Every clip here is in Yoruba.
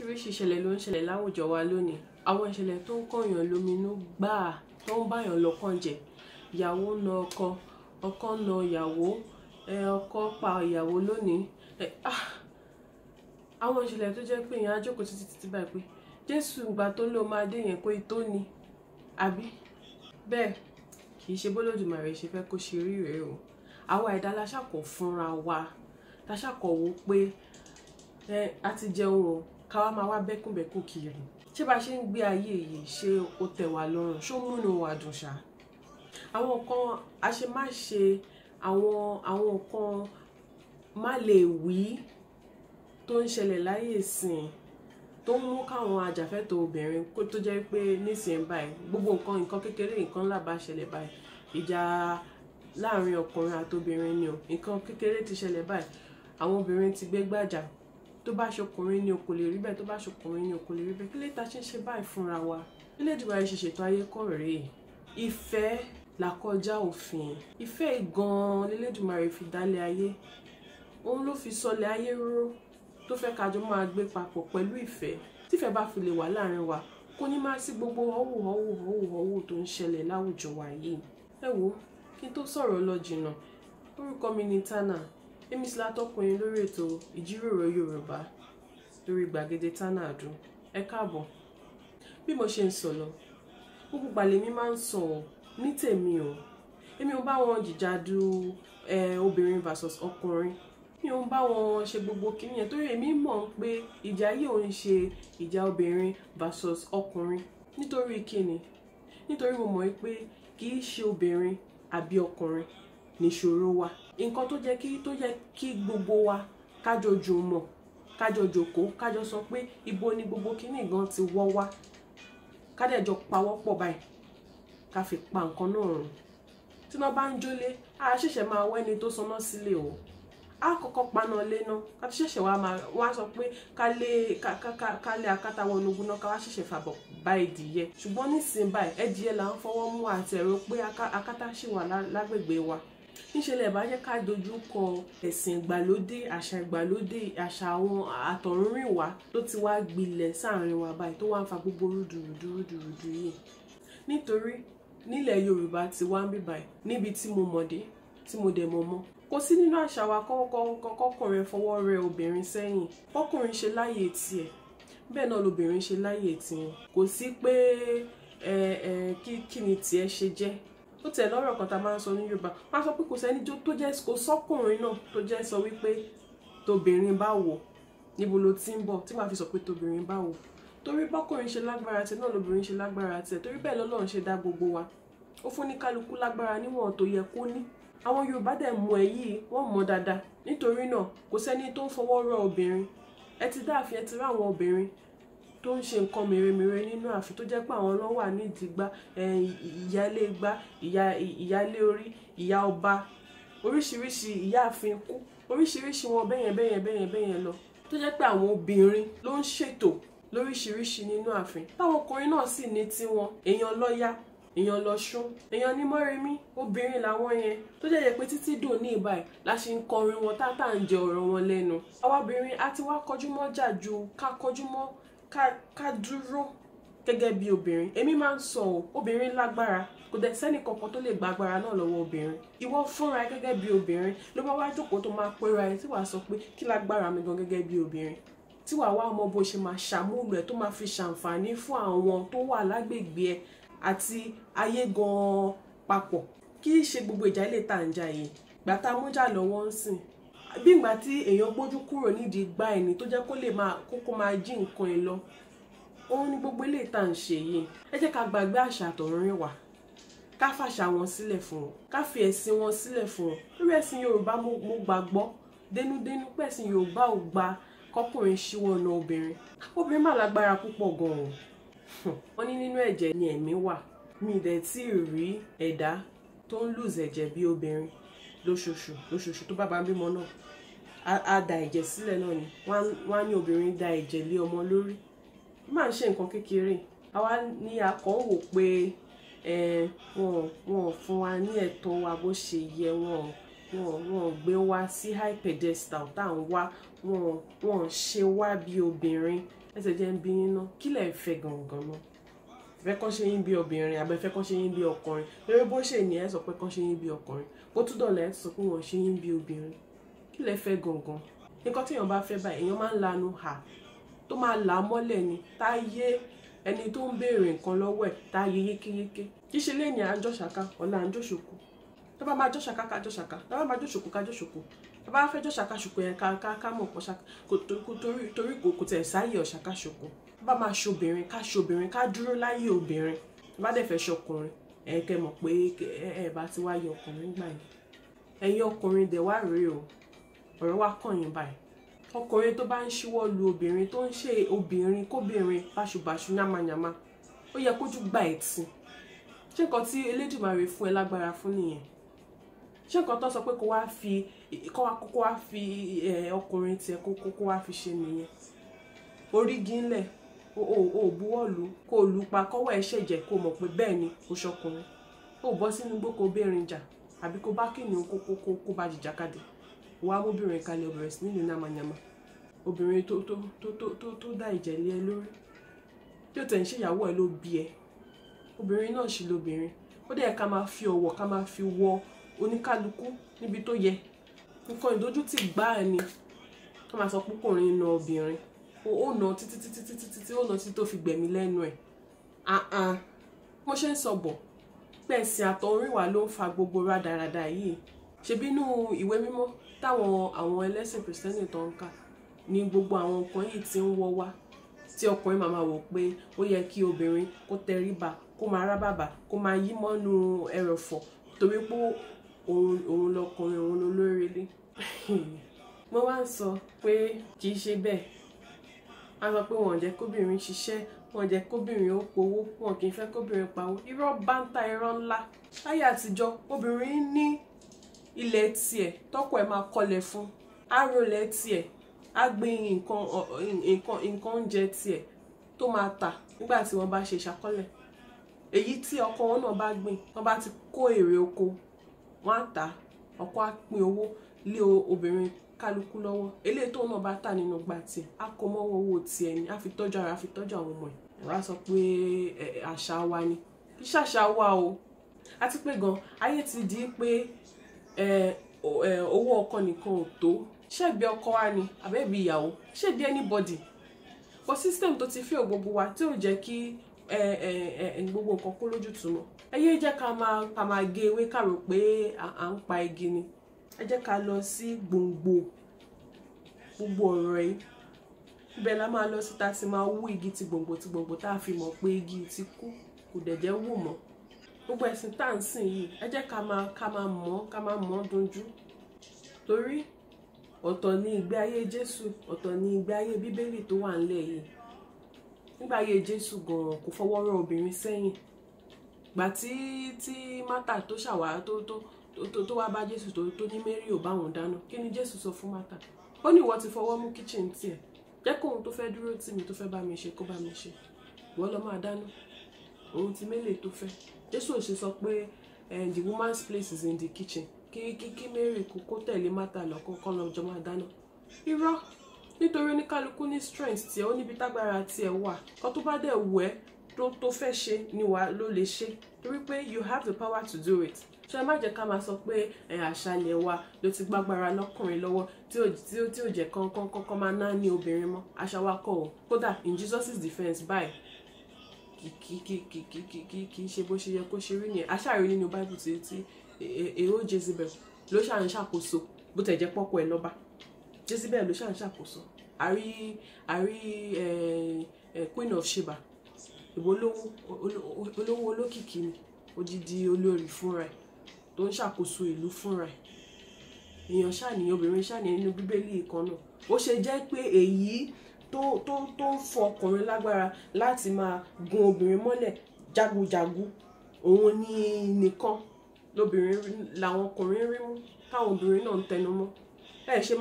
oríṣiríṣi ìṣẹ̀lẹ̀ ló ń ṣẹlẹ̀ láwùjọ wa lónìí àwọn ìṣẹ̀lẹ̀ tó ń kọ̀yàn lóminú gbáà tó ń báyàn lọ́kàn jẹ́ ìyàwó na ọkọ ọkọ na ìyàwó ọkọ pa ìyàwó lónìí ah! àwọn ìṣẹ̀lẹ̀ tó jẹ́ pé ìyẹn ajókòó títí títí báyìí pé Jésù ìgbà tó ló máa dé yẹn pé tó ni àbí bẹ́ẹ̀ kì í ṣe bólódùmarè ṣe fẹ́ kó ṣe rí rèé o àwa ẹ̀dá la ṣàkó fúnra wa la ṣàkó wò pé ẹ a ti jẹun o káwa máa wá bẹ́kùnbẹ́kù kiri ṣé bá ṣe ń gbé ayé yìí ṣé ó tẹ̀ wá lọ́rùn ṣó múnú wa dùn ṣá àwọn kan àṣemáṣe àwọn àwọn kan má lè wí tó ń ṣẹlẹ̀ láyè sìn tó ń mú káwọn ajàfẹ́tọ̀ obìnrin kó tó jẹ́ pé nísìnyí báyìí gbogbo nǹkan nǹkan kékeré nǹkan ńlá bá ṣẹlẹ̀ báyìí ìjà láàrin ọkùnrin àtobìnrin ni o nǹkan kékeré ti ṣẹlẹ̀ báyìí àwọn obìnrin ti gbé tó bá ṣokùnrin ni o kò lè rí bẹ́ẹ̀ tó bá ṣokùnrin ni o kò lè rí bẹ́ẹ̀ kí lè ta ṣe ń ṣe báyìí fúnra wa nílẹ̀ ìdìbò ayé ṣe ṣètò ayé kọ̀ rèé ìfẹ́ làkọjá òfin ìfẹ́ gan-an lélẹ́dùmarè fi dálẹ̀ ayé òun ló fi sọlẹ̀ ayé rúró tó fẹ́ kájọ máa gbé papọ̀ pẹ̀lú ìfẹ́ tífẹ́ bá fi lè wà láàrin wa kó ní máa sí gbogbo ọ̀wù ọ̀wù ọ̀wù ọ̀wù tó ń ṣẹlẹ̀ láwùjọ wa yìí ẹ wo kí n tó sọ̀rọ̀ lọ jìnnà orúkọ mi ni Tana èmi sì látọkùn yín lórí ètò ìjíròrò yorùbá lórí gbàgede tánàdù ẹ káàbọ̀ bí mo ṣe ń sọ lọ gbogbo gbàlè mi máa ń sọ ọ ní tèmi o èmi ò bá wọn jìjàdù ẹ obìnrin versus ọkùnrin mi ò ń bá wọn ṣe gbogbo kìíní yẹn torí èmi mọ̀ ń pé ìjà yìí ò ń ṣe ìjà obìnrin versus ọkùnrin nítorí kíni nítorí mo mọ̀ pé kì í ṣe obìnrin àbí ọkùnrin níṣòro wa nǹkan tó jẹ́ kí tó jẹ́ kí gbogbo wa kájọjò mọ̀ kájọ jòkó kájọ sọ pé ibo ni gbogbo kíní gan ti wọ́ wá kádẹ́jọ pawọ́pọ̀ báyìí ká fi pa nǹkan náà rùn tí wọ́n bá ń jólé a ṣẹ̀ṣẹ̀ máa wọ́ ẹni tó sanná sílé o a kọ́kọ́ paná lé náà ká tó ṣẹ̀ṣẹ̀ wá máa wá sọ pé ká lé ká lé akátá wọn ogun náà ká wá ṣẹ̀ṣẹ̀ fàbọ̀ bá ìdíyẹ ṣùgbọ́n nísìnyí báyìí ẹ̀díyẹ là ń fọwọ́ mú àtẹ̀rọ pé akátá ṣì wà lágbègbè wa níṣẹlẹ̀ bá jẹ́ ká dojú kọ ẹ̀sìn ìgbàlódé àṣà ìgbàlódé àṣà àwọn àtọ̀rúnrìnwá tó ti wá gbilẹ̀ sáàrin wa báyìí tó wá ń fa gbogbo rúdurùdurùdurùdu yìí nítorí nílẹ̀ Yorùbá ti wá ń bí báyìí níbi tí mo mọ̀dé tí mo dẹ̀ mọ̀ mọ́ kò sí nínú àṣà wa kọ́kọ́kọ́kọ́kọ́kùnrin fọwọ́ rẹ obìnrin sẹ́yìn kọ́kùnrin ṣe láyè tiẹ̀ bẹ́ẹ̀ náà lobìnrin ṣe láyè tiẹ̀ kò sí pé ẹ ẹ kí kí ni tiẹ̀ ṣe jẹ́ ó tiẹ̀ lọ́rọ̀ kan tá a máa ń sọ ní Yorùbá wọ́n á sọ pé kò sẹ́ni tó jẹ́ kò sọ́kùnrin náà tó jẹ́ sọ wípé tóbìnrin bá wọ̀ níbo ló ti ń bọ̀ tí màá fi sọ pé tóbìnrin bá wọ̀ torí bọ́kùnrin ṣe lágbára tiẹ̀ náà lóbìnrin ṣe lágbára tiẹ̀ torí bẹ́ẹ̀ lọ́lọ́run ṣe dá gbogbo wa ó fún ní kálukú lágbára níwọ̀n tó yẹ kó ní àwọn Yorùbá dẹ̀ mọ èyí wọ́n mọ dáadáa nítorí náà kò sẹ́ni tó ń fọwọ́ rọ obìnrin ẹ ti dáàfin ẹ ti rá àwọn obìnrin tó ń ṣe nǹkan mèremère nínú ààfin tó jẹ́ pé àwọn ló wà nídìí gbá ìyálé gbá ìyálé orí ìyá ọba oríṣiríṣi ìyáàfin kú oríṣiríṣi wọn bẹ́yẹn bẹ́yẹn bẹ́yẹn bẹ́yẹn lọ tó jẹ́ pé àwọn obìnrin ló ń ṣètò lóríṣiríṣi nínú ààfin táwọn ọkùnrin náà sì ní tiwọn èèyàn lọ́yà èèyàn lọ́ṣún èèyàn ní mọ́remí obìnrin làwọn yẹn tó jẹ́ pé títí dùn ní ìbàyí la ṣe ń kọrin wọn tá tá à ń jẹ ọ̀rọ̀ wọn lẹ́nu àwa obìnrin á ti wá kọjú mọ́ jà ju ká kọjú mọ́ ká dúró gẹ́gẹ́ bí obìnrin èmi máa ń sọ ọ́ obìnrin lágbára kò dẹ̀ sẹ́ni kankan tó lè gba agbára náà lọ́wọ́ obìnrin ìwọ fúnra ẹ gẹ́gẹ́ bí obìnrin ló máa wá jókòó tó máa pera ẹ tí wàá sọ pé kí lágbára mi gan gẹ́gẹ́ bí obìnrin tí wàá wá ọmọ bó ṣe máa ṣàmúlò ẹ tó máa fi ṣàǹfààní fún àwọn tó wà lágbègbè ẹ àti ayé gan-an papọ̀ kì ṣe gbogbo ìjà ilé tá à ń jà yìí gbàtà mújà lọ́wọ́ ń sìn bí ìgbà tí èèyàn gbójú kúrò nídìí gbá ẹni tó jẹ́ kó lè máa kókó máa jí nǹkan ẹ lọ òun ni gbogbo eléyìí tá à ń ṣe yìí ẹ jẹ́ ká gbàgbé àṣà àtọ̀rìn wa ká fàṣà wọn sílẹ̀ fún wọn ká fi ẹ̀sìn wọn sílẹ̀ fún wọn lórí ẹ̀sìn Yorùbá mo gbàgbọ́ dénúdénú pẹ̀sìn Yorùbá ò gba kọkùnrin ṣíwọ́ ọ̀nà obìnrin obìnrin mà lágbára púpọ̀ gan-an wọ́n ní nínú ẹ̀jẹ̀ ni ẹ̀mí wà mi dẹ̀ tí ì rí ẹ̀dá tó ń lùzẹ̀jẹ̀ bí obìnrin lóṣooṣù lóṣooṣù tó bá bá ń bímọ náà á da ẹ̀jẹ̀ sílẹ̀ náà ni wọ́n á ní obìnrin da ẹ̀jẹ̀ lé ọmọ lórí máa ń ṣe nǹkan kékeré àwa ní akọ̀ wò pé wọn ò fún wa ní ẹ̀tọ́ wa bó ṣe yẹ wọn gbé wa sí high pedestal tá à ń wá wọn ò ṣe wá bí obìnrin ẹsẹ̀ jẹ́ ń bí yín ná kí lẹ̀ ń fẹ́ gangan náà fẹ́ kọ́ ṣe yín bí obìnrin àbẹ́fẹ́ kọ́ ṣe yín bí ọkùnrin eré bó ṣe ní ẹ sọ pé kọ́ ṣe yín bí ọkùnrin kó tún dọ̀lẹ́ sọ pé wọ́n ṣe yín bí obìnrin kí lẹ fẹ́ gangan nǹkan téèyàn bá fẹ́ báyìí èèyàn máa ń lanu hà tó máa là á mọ́lẹ̀ ni táyé ẹni tó ń béèrè nǹkan lọ́wọ́ ẹ̀ táyé yékéyéké jíṣe lẹ́yìn àjọṣàká ọ̀la àjọṣòkò tó bá máa jọ́ṣàká ká jọ́ṣàká tó bá máa jọ́ṣòkò ká jọ́ṣòkò tó bá fẹ́ jọ́ṣàká ṣòkò yẹn ká ká ká mọ̀ pọ̀ torí kò tẹ̀ sáyè ọ̀ṣàká ṣòkò tó bá máa ṣobìnrin ká ṣobìnrin ká dúró láyé obìnrin tó bá dẹ̀ fẹ́ ṣọkùnrin ẹ kẹ mọ̀ pé ẹ bá ti wá yọ ọkùnrin gbà yìí ẹ̀yin ọkùnrin dẹ̀ wá rèé o ọ̀rọ̀ wa kàn yín báyìí ọkùnrin tó bá ń ṣíwọ́ lu obìnrin tó ń ṣe obìnrin kóbìnrin báṣubàṣu yámayàmá ó yẹ kójú gba ẹ̀tì ṣé nǹkan tí Elédùmarè fún ẹ lágbára fún nìyẹn ṣé nǹkan tó sọ pé kó wá fi kó wá fi ọkùnrin tiẹ̀ kó wá fi ṣe nìyẹn orígi ńlẹ̀ o ò buwọ́lu kó o lù pa kọ́wọ́ ẹ ṣẹ̀jẹ̀ kó o mọ̀ pé ni o ṣọkùnrin o bọ́ sínú igbó kó o bẹ́ẹ̀rin jà àbí kó o bá kìnìún kó kó kó bá jìjàkadì wàá móbìnrin kalẹ̀ obìnrin sí nílùú nàmànyàmà obìnrin tó tó tó tó tó dá ìjẹ́ lé ẹ lórí tí o tẹ̀ ń ṣèyàwó ẹ ló bí ẹ obìnrin náà sì lobìnrin ó dẹ̀ ká máa fi ọ̀wọ̀ ká máa fi wọ oníkálukú níbi tó yẹ nǹkan ìdójútì gbáà ni wọ́n máa sọ pé kòrin na obìnrin ó nà títí títí títí títí ó nà títí tó fi gbẹ̀mí lẹ́nu ẹ̀ àhàn mo ṣe ń sọ bọ̀ pé ẹ̀sìn àtọ̀húnrìnwá ló ń fa gbogbo rádaràda yìí ṣebí inú ìwé mímọ́ táwọn àwọn ẹlẹ́sìn kìrìsìtẹ́nì tó ń kà ni gbogbo àwọn nǹkan yìí ti ń wọ́ wá tí ọkùnrin màmá wò pé ó yẹ kí obìnrin kó tẹríba kó máa rá bàbà kó máa yí mọ́nu ẹrọ̀fọ̀ torí pé òun lọkùnrin òun lolórí ilé mo wá ń sọ pé kì í ṣe bẹ́ẹ̀ á sọ pé wọn ò jẹ́ kóbìnrin ṣiṣẹ́ wọn ò jẹ́ kóbìnrin ó powó wọn kì í fẹ́ kóbìnrin pawó irọ́ báńtà irọ́ ńlá láyé àtijọ́ obìnrin ní ilẹ̀ tiẹ̀ tọ́kọ ẹ̀ máa kọlẹ̀ fún arólẹ̀ tiẹ̀ á gbin nǹkan nǹkan oúnjẹ tiẹ̀ tó máa tà nígbà tí wọ́n bá ṣe ìṣàkọlẹ̀ èyí tí ọkọ wọn náà bá gbìn wọ́n bá ti kó èrè oko wọ́n á tà á ọkọ á pín owó lé obìnrin kálukú lọ́wọ́ eléyìí tóun náà bá tà nínú gba tiẹ̀ á kó mọ́wọ́ owó tiẹ̀ ni á fi tọ́jú ara á fi tọ́jú àwọn ọmọ ẹ̀ wọ́n sọ pé àṣà wa ni kì í ṣàṣà wa o àti pé gan ayé ti di pé owó ọkọ nìkan ò tó ṣẹ́bi ọkọ wa ni àbẹ́bí ìyàwó ṣẹ́bi anybody but system tó ti fi ògbógbó wa tí ò jẹ́ kí gbogbo nǹkan kó lójútùú mọ́ eye yé jẹ́ ká máa ká máa gé ewé ká pé à ń pa igi ni ẹ jẹ́ ká lọ sí gbogbo ọ̀rọ̀ yìí ibẹ̀ la máa lọ síta sí máa igi ti gbòǹgbò ti gbòǹgbò tá fi mọ̀ pé igi ti kú kò dẹ̀jẹ̀ mọ́ gbogbo ẹ̀sìn tá à ń sìn yìí ẹ jẹ́ ká máa ká máa ni ìgbé ayé Jésù ọ̀tọ̀ ni ìgbé ayé Bíbélì tó wà ńlẹ̀ yìí nígbà ayé Jésù gan-an kò fọwọ́ rán gbà tí tí Mátà to ṣàwá to to to tó wá bá to to tó ní Mary ò báwọn dáná kí ni Jésù sọ fún Mátà ó ní ìwọ ti fọwọ́ mú kitchen tiẹ̀ jẹ́ kóhun tó fẹ́ dúró tì mí tó fẹ́ bá mi ṣe kó bá mi ṣe wọ́n lọ máa dáná òun ti mélèé tó fẹ́ Jésù ò ṣe sọ pé eh, the woman's place is in the kitchen kí kí kí Mary kò kó tẹ̀lé Mátà lọ kó kọ́ lọ jọ máa dáná irọ́ nítorí oníkálukú ní strength tiẹ̀ ó níbi tágbára tiẹ̀ wà kó tó bá dẹ̀ wù ẹ́ tó tó fẹ́ ṣe ni wàá ló lè ṣe torí pé you have the power to do it ṣé ẹ má jẹ́ ká máa sọ pé àṣàlẹ̀ wa ló ti gbàgbára lọ́kùnrin lọ́wọ́ tí ò tí ò tí ò jẹ́ kankan kankan máa ná ní obìnrin mọ́ àṣà wa kọ̀ ọ́ kódà in Jesus' defence báyìí kì kì kì kì kì kì kì í ṣe bó ṣe yẹ kó ṣe rí nìyẹn aṣáàrí nínú Bible tí tí èrò e, e, e, Jezebel ló ṣà ń ṣàkóso bó tẹ̀ jẹ́ pọ́pọ́ ẹ̀ lọ́ba Jezebel ló ṣà ń ṣàkóso àrí àrí Queen of Sheba ìwọ olówó olókìkí ni odidi olórí fúnra ẹ̀ tó ń ṣàkóso ìlú fúnra ẹ̀ èèyàn ṣàní obìnrin ṣàní nínú bíbélì kan náà ó ṣe jẹ́ pé èyí tó tó tó ń fún ọkùnrin lágbára láti máa gun obìnrin mọ́lẹ̀ jagunjagun òun ní nìkan lóbìnrin làwọn ọkùnrin rí mú táwọn obìnrin náà ń tẹnu mọ́ ẹ ṣe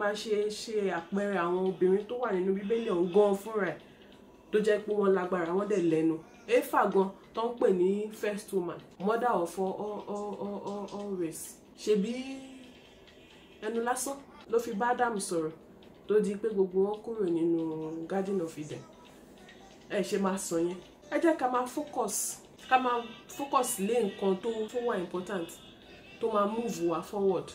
máa ṣe àpẹẹrẹ àwọn obìnrin tó wà nínú bíbélì ọ̀hún gan fúnra ẹ̀ ló jẹ́ pé wọ́n lágbára wọ́n dẹ̀ lẹ́nu efa gan tó ń pè ní first woman mother of all all all all all race ṣebí ẹnu lásán ló fi bá Ádámù sọ̀rọ̀ tó di pé gbogbo wọn kúrò nínú garden of Eden ẹ ṣe máa sọ yẹn ẹ jẹ́ ká máa focus ká máa focus lé nǹkan tó wà important tó máa move wa forward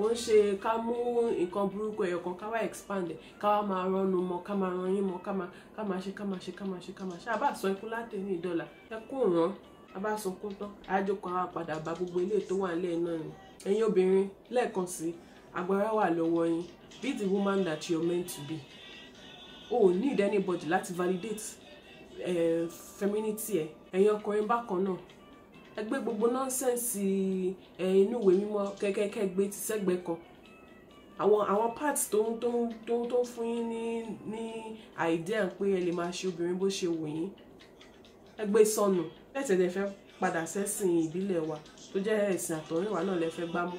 kò ń ṣe ká mú nǹkan burúkú ẹ̀yọ̀ kan ká wá expand ẹ̀ ká wá máa rọ́nu mọ́ ká máa ran yín mọ́ ká máa ká máa ṣe ká máa ṣe ká máa ṣe ká máa ṣe àbá sọ ikú láti ní ìdọ́là ẹkún ràn abá sunkún tán àjòkọ àwọn àpàdà bá gbogbo ilé tó wà nílẹ̀ náà ni ẹ̀yin obìnrin lẹ́ẹ̀kan sí agbára wà lọ́wọ́ yín be the woman that you are meant to be o oh, need anybody láti validate eh, femininity ẹ ẹ̀yin ọkùnrin bákan náà ẹgbẹ́ gbogbo nọ́nsẹ̀nsì inú ìwé mímọ́ kẹ́kẹ́kẹ́ gbé ti sẹ́gbẹ́ kan àwọn àwọn parts tó ń tó ń tó ń tó ń fún yín ní ní idea pé ẹ lè máa ṣe obìnrin bó ṣe wù yín ẹ gbé sọnù lẹ́tẹ̀ lè fẹ́ padà sẹ́sìn ìbílẹ̀ wa tó jẹ́ ẹ̀sìn àtọ̀rìnwá náà lè fẹ́ gbámú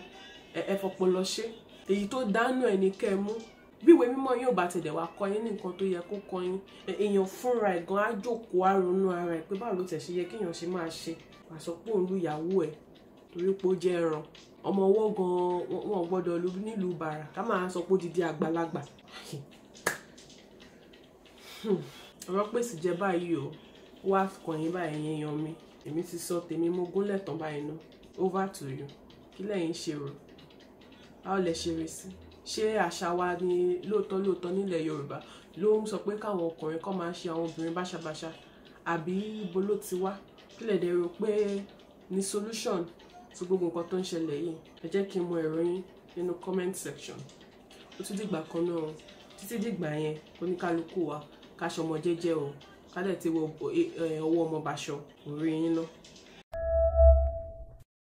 ẹ fọpọ lọ ṣe èyí tó dánú ẹ̀ ní kẹ́ ẹ mú bí ìwé mímọ́ yóò bá tẹ̀lé wa kọ́ yín ní nǹkan tó yẹ kó kọ́ yín èèyàn fúnra ẹ̀ gan á jókòó á ronú ara ẹ̀ pé báwo ló tẹ̀ ṣe yẹ kéèyàn ṣe máa ṣe wà sọ pé òun lu ìyàwó ẹ̀ torí pé ó jẹ́ ẹran ọmọ ọwọ́ gan wọn gbọ́dọ̀ lu nílùú bàrà ká máa sọ pé ó didi àgbàlagbà ọ̀rọ̀ pèsè jẹ́ báyìí o wá kọ̀yìn báyìí yẹn yan mi èmi ti sọ tèmi mo gúnlẹ̀ tán báyìí ná over to you kí lẹ́yìn ṣe rò báwo lẹ ṣe rè sí ṣé àṣà wa ni lóòótọ́ lóòótọ́ nílẹ̀ Yorùbá ló ń sọ pé káwọn ọkùnrin kọ́ máa ṣe àwọn obìnrin báṣabàṣa àbí ibo ló ti wá kí lè dẹ̀ rò pé ní solution sí gbogbo nǹkan tó ń ṣẹlẹ̀ yìí ẹ jẹ́ kí n mọ èrò yín nínú comment section ó tún dìgbà kan náà títí dìgbà yẹn oníkálukú wa ká ṣọmọ jẹ́jẹ́ o ká dẹ̀ ti wọ eh, ọwọ́ ọmọ bàṣọ orí yín náà.